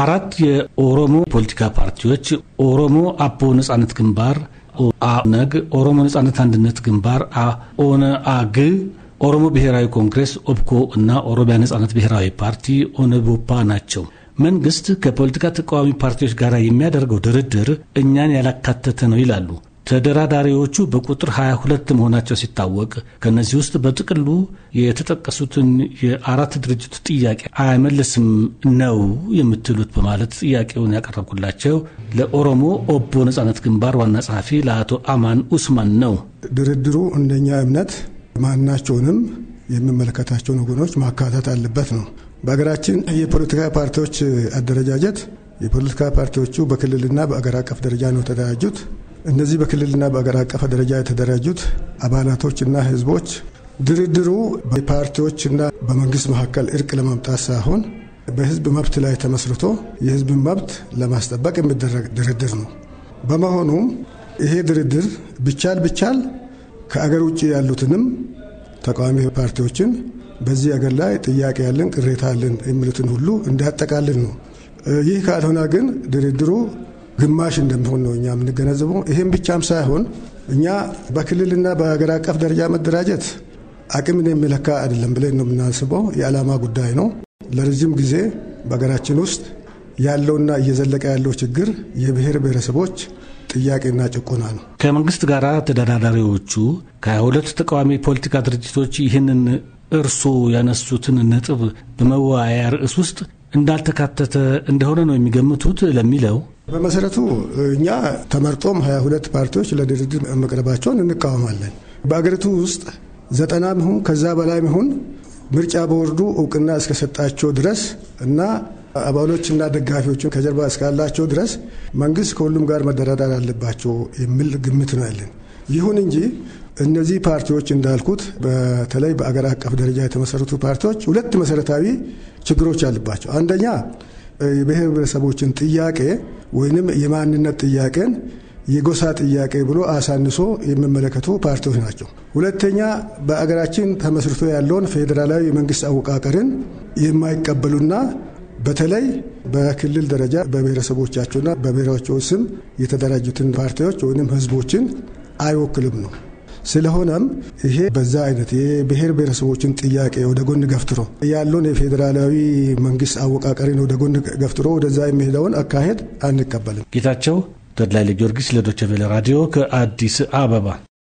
አራት የኦሮሞ ፖለቲካ ፓርቲዎች ኦሮሞ አቦ ነጻነት ግንባር አነግ፣ ኦሮሞ ነጻነት አንድነት ግንባር ኦነአግ፣ ኦሮሞ ብሔራዊ ኮንግሬስ ኦብኮ እና ኦሮሚያ ነጻነት ብሔራዊ ፓርቲ ኦነቦፓ ናቸው። መንግስት ከፖለቲካ ተቃዋሚ ፓርቲዎች ጋር የሚያደርገው ድርድር እኛን ያላካተተ ነው ይላሉ። ተደራዳሪዎቹ በቁጥር 22 መሆናቸው ሲታወቅ ከእነዚህ ውስጥ በጥቅሉ የተጠቀሱትን የአራት ድርጅት ጥያቄ አይመልስም ነው የምትሉት በማለት ጥያቄውን ያቀረብኩላቸው ለኦሮሞ ኦቦ ነጻነት ግንባር ዋና ጸሐፊ ለአቶ አማን ኡስማን ነው። ድርድሩ እንደኛ እምነት ማናቸውንም የሚመለከታቸውን ወገኖች ማካተት አለበት ነው። በሀገራችን የፖለቲካ ፓርቲዎች አደረጃጀት የፖለቲካ ፓርቲዎቹ በክልልና በአገር አቀፍ ደረጃ ነው ተደራጁት። እነዚህ በክልልና በአገር አቀፍ ደረጃ የተደራጁት አባላቶችና ህዝቦች ድርድሩ በፓርቲዎችና በመንግስት መካከል እርቅ ለማምጣት ሳይሆን በህዝብ መብት ላይ ተመስርቶ የህዝብን መብት ለማስጠበቅ የሚደረግ ድርድር ነው። በመሆኑም ይሄ ድርድር ብቻል ብቻል ከአገር ውጭ ያሉትንም ተቃዋሚ ፓርቲዎችን በዚህ አገር ላይ ጥያቄ ያለን ቅሬታ አለን የሚሉትን ሁሉ እንዳያጠቃልን ነው። ይህ ካልሆነ ግን ድርድሩ ግማሽ እንደሚሆን ነው እኛ የምንገነዘበው። ይህም ብቻም ሳይሆን እኛ በክልልና በሀገር አቀፍ ደረጃ መደራጀት አቅምን የሚለካ አይደለም ብለን ነው የምናስበው። የዓላማ ጉዳይ ነው። ለረጅም ጊዜ በሀገራችን ውስጥ ያለውና እየዘለቀ ያለው ችግር የብሔር ብሔረሰቦች ጥያቄና ጭቆና ነው። ከመንግስት ጋር ተደራዳሪዎቹ ከሁለት ተቃዋሚ ፖለቲካ ድርጅቶች ይህንን እርሶ ያነሱትን ነጥብ በመወያያ ርዕስ ውስጥ እንዳልተካተተ እንደሆነ ነው የሚገምቱት ለሚለው በመሰረቱ እኛ ተመርጦም ሀያ ሁለት ፓርቲዎች ለድርድር መቅረባቸውን እንቃወማለን። በአገሪቱ ውስጥ ዘጠና ይሁን ከዛ በላይ ይሁን ምርጫ ቦርዱ እውቅና እስከሰጣቸው ድረስ እና አባሎችና ደጋፊዎችን ከጀርባ እስካላቸው ድረስ መንግስት ከሁሉም ጋር መደራደር አለባቸው የሚል ግምት ነው ያለን። ይሁን እንጂ እነዚህ ፓርቲዎች እንዳልኩት በተለይ በአገር አቀፍ ደረጃ የተመሰረቱ ፓርቲዎች ሁለት መሰረታዊ ችግሮች አለባቸው። አንደኛ የብሔር ብሔረሰቦችን ጥያቄ ወይንም የማንነት ጥያቄን የጎሳ ጥያቄ ብሎ አሳንሶ የሚመለከቱ ፓርቲዎች ናቸው። ሁለተኛ በአገራችን ተመስርቶ ያለውን ፌዴራላዊ የመንግስት አወቃቀርን የማይቀበሉና በተለይ በክልል ደረጃ በብሔረሰቦቻቸውና በብሔራቸው ስም የተደራጁትን ፓርቲዎች ወይም ህዝቦችን አይወክልም ነው። ስለሆነም ይሄ በዛ አይነት የብሔር ብሔረሰቦችን ጥያቄ ወደ ጎን ገፍትሮ ያለውን የፌዴራላዊ መንግስት አወቃቀሪን ወደ ጎን ገፍትሮ ወደዛ የሚሄደውን አካሄድ አንቀበልም። ጌታቸው ተድላይ ለጊዮርጊስ ለዶቸቬለ ራዲዮ ከአዲስ አበባ